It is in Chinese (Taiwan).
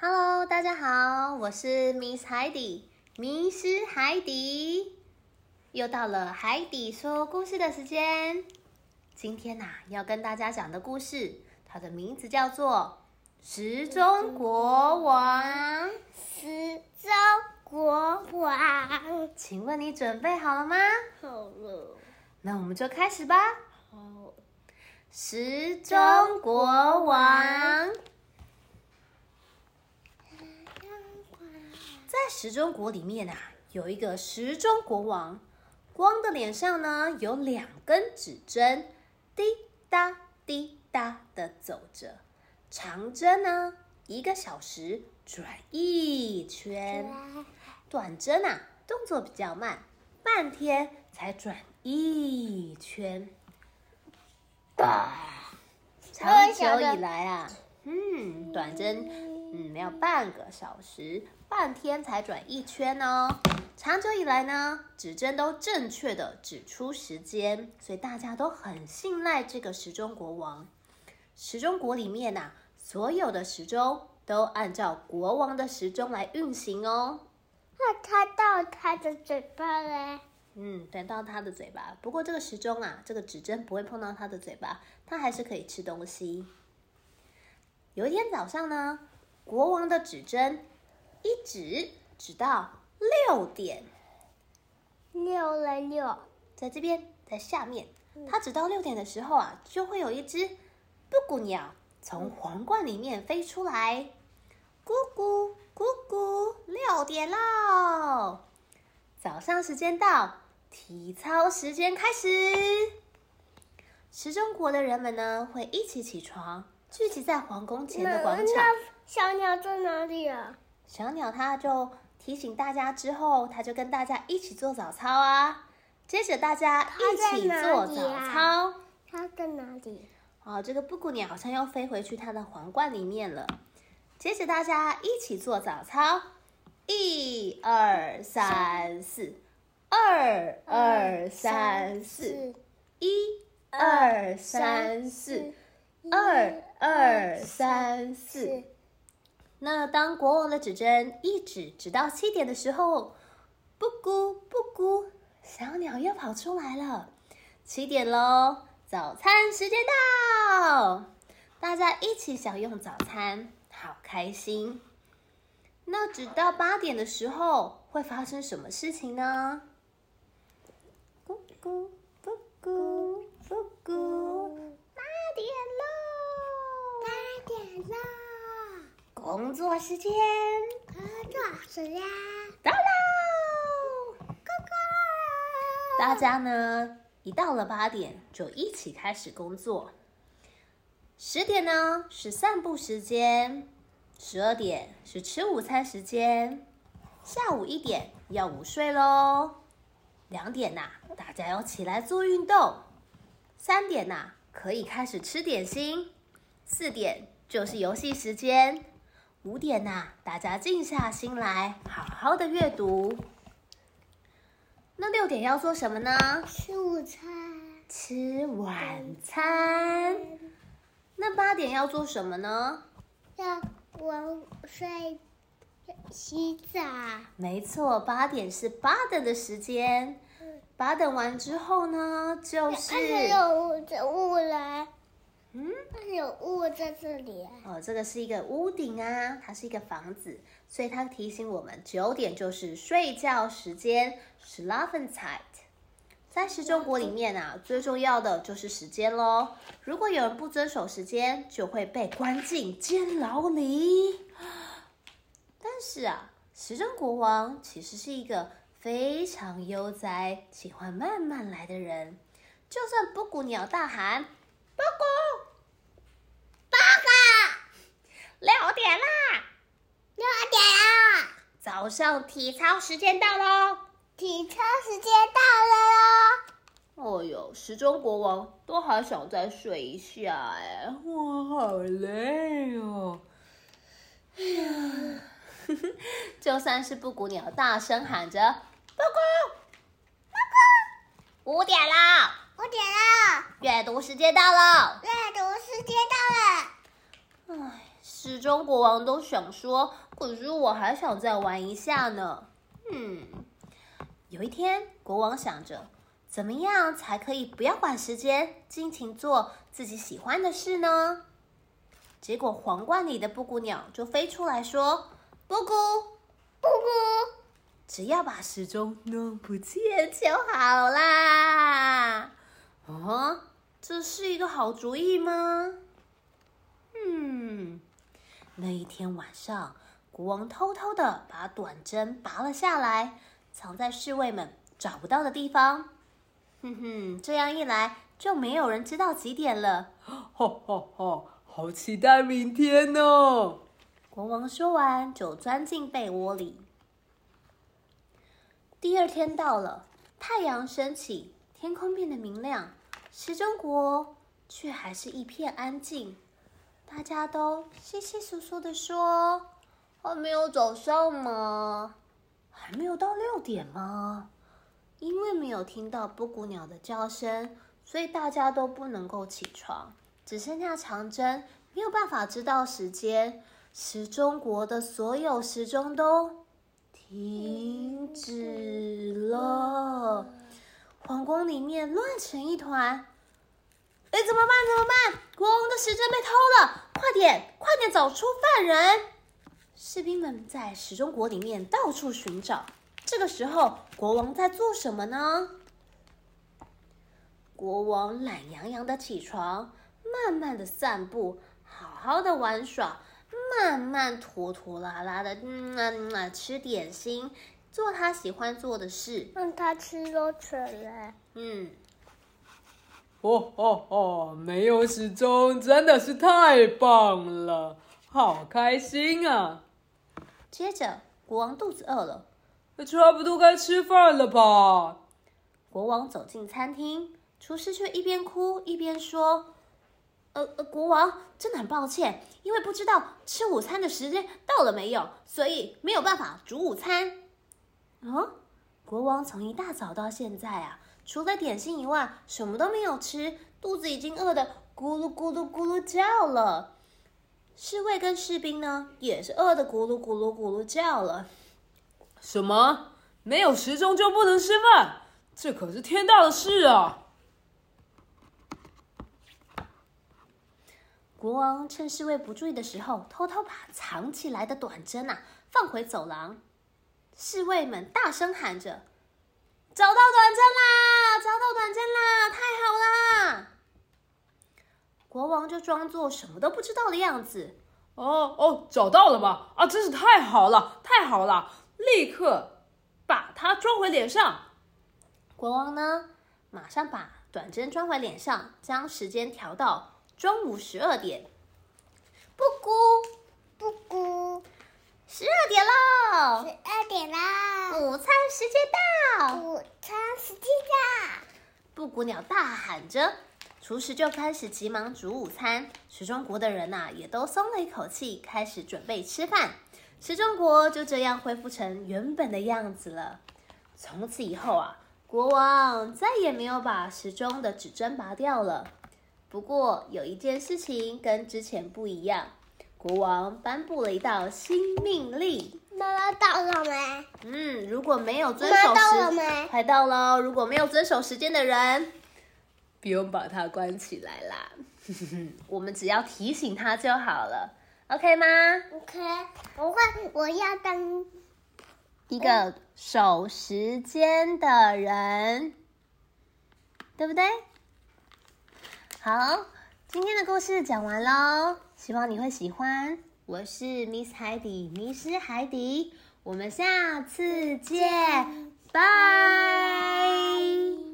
Hello，大家好，我是 Miss 海底，迷失海底，又到了海底說故事的時間。今天吶、啊，要跟大家講的故事，它的名字叫做《時鐘國王》。時鐘國王，請問你準備好了嗎？好了。那我們就開始吧。好了。時鐘國王。在時鐘國裡面啊，有一個時鐘國王，國王的臉上呢，有兩根指針，滴答滴答的走着，長針呢一個小時轉一圈，短針呢、啊、動作比較慢，半天才轉一圈。啊、長久以來啊，嗯，短針嗯沒有半個小時。半天才轉一圈哦。長久以來呢，指針都正確的指出時間，所以大家都很信賴這個時鐘國王。時鐘國裡面吶、啊，所有的時鐘都按照國王的時鐘來運行哦。那、啊、他到他的嘴巴嘞？嗯，等到他的嘴巴。不過這個時鐘啊，這個指針不會碰到他的嘴巴，他還是可以吃東西。有一天早上呢，國王的指針。一直指到六點，六來六，在這邊，在下面。它指到六點的時候啊，就會有一隻布穀鳥從皇冠裡面飛出來，咕咕咕咕，六點嘍！早上時間到，體操時間開始。時鐘國的人們呢，會一起起床，聚集在皇宮前的廣場。那小鳥在哪裡啊？小鳥，它就提醒大家之後，它就跟大家一起做早操啊。接着大家一起做早操。它在哪裡啊？哦，這個布谷鳥好像要飛回去它的皇冠裡面了。接着大家一起做早操。一二三四，二二三四，一二三四，二二三四。那當國王的指針一直指到七點的時候，布穀布穀，小鳥又跑出來了。七點嘍，早餐時間到，大家一起享用早餐，好開心。那直到八點的時候，會發生什麼事情呢？咕咕咕咕咕咕。工作時間，工作時間到嘍！哥哥，大家呢一到了八點就一起開始工作。十點呢是散步時間，十二點是吃午餐時間，下午一點要午睡嘍。兩點吶、啊，大家要起來做運動。三點吶、啊，可以開始吃點心，四點就是遊戲時間。五點吶、啊，大家靜下心來，好好的閱讀。那六點要做什麼呢？吃午餐。吃晚餐。餐那八點要做什麼呢？要午睡、洗澡。沒錯，八點是八等的時間。八等完之後呢，就是。還、哎、有物來。嗯，有屋在這裡哦。這個是一個屋頂啊，它是一個房子，所以它提醒我們九點就是睡覺時間。Schlafenszeit，、嗯、在時鐘國裡面啊，最重要的就是時間嘍。如果有人不遵守時間，就會被關進監牢裡。但是啊，時鐘國王其實是一個非常悠哉、喜歡慢慢來的人。就算布谷鳥大喊。報告，報告，六點啦！六點啦！早上體操時間到了，體操時間到了哦！哎呦，時鐘國王都還想再睡一下哎，我好累哦！哎呀， 就算是布谷鳥大聲喊着報告，報告，五點啦！五點了，閱讀時間到了。閱讀時間到了。唉，時鐘國王都想說，可是我還想再玩一下呢。嗯，有一天國王想着，怎麼樣才可以不要管時間，盡情做自己喜歡的事呢？結果皇冠裡的布谷鳥就飛出來說：“布谷，布谷，只要把時鐘弄不見就好啦。”啊，這是一個好主意嗎？嗯，那一天晚上，國王偷偷的把短針拔了下來，藏在侍衛們找不到的地方。哼哼，這樣一來就沒有人知道幾點了。哈哈哈，好期待明天呢，哦！國王說完就鑽進被窩裡。第二天到了，太陽升起，天空變得明亮。時鐘國卻還是一片安靜，大家都窸窸窣窣的說：“還沒有早上嗎？還沒有到六點嗎？”因為沒有聽到布谷鳥的叫聲，所以大家都不能夠起床，只剩下長針，沒有辦法知道時間。時鐘國的所有時鐘都停止了。皇宮裡面亂成一團，哎，怎麼辦？怎麼辦？國王的時針被偷了，快點，快點找出犯人！士兵們在時鐘國裡面到處尋找。這個時候，國王在做什麼呢？國王懶洋洋的起床，慢慢的散步，好好的玩耍，慢慢拖拖拉拉的，嗯啊、嗯啊，吃點心。做他喜歡做的事，讓、嗯、他吃肉串了。嗯，哦哦哦，沒有時鐘，真的是太棒了，好開心啊！接着，國王肚子餓了，差不多該吃飯了吧？國王走進餐廳，廚師卻一邊哭一邊說：“呃呃，國王，真的很抱歉，因為不知道吃午餐的時間到了沒有，所以沒有辦法煮午餐。”啊、嗯！國王從一大早到現在啊，除了點心以外，什麼都沒有吃，肚子已經餓得咕嚕咕嚕咕嚕叫了。侍衛跟士兵呢，也是餓得咕嚕咕嚕咕嚕叫了。什麼？沒有時鐘就不能吃飯？這可是天大的事啊！國王趁侍衛不注意的時候，偷偷把藏起來的短針啊放回走廊。侍衛們大聲喊着：“找到短針啦！找到短針啦！太好啦！”國王就裝作什麼都不知道的樣子。“哦哦哦，找到了嗎？啊，真是太好了，太好了！立刻把它裝回臉上。”國王呢，馬上把短針裝回臉上，將時間調到中午十二點。布穀，布穀。十二點嘍！十二點啦！午餐時間到！午餐時間到！布穀鳥大喊着，廚師就開始急忙煮午餐。時鐘國的人吶、啊，也都鬆了一口氣，開始準備吃飯。時鐘國就這樣恢復成原本的樣子了。從此以後啊，國王再也沒有把時鐘的指針拔掉了。不過有一件事情跟之前不一樣。國王頒布了一道新命令。媽媽到了沒？嗯，如果沒有遵守時，到快到了。如果沒有遵守時間的人，不用把他關起來啦。 我們只要提醒他就好了，OK 嗎？OK，我會。我要當一個守時間的人，嗯、對不對？好。今天的故事講完嘍，希望你會喜歡。我是 Miss 海底，迷失海底，我們下次見，拜見。Bye Bye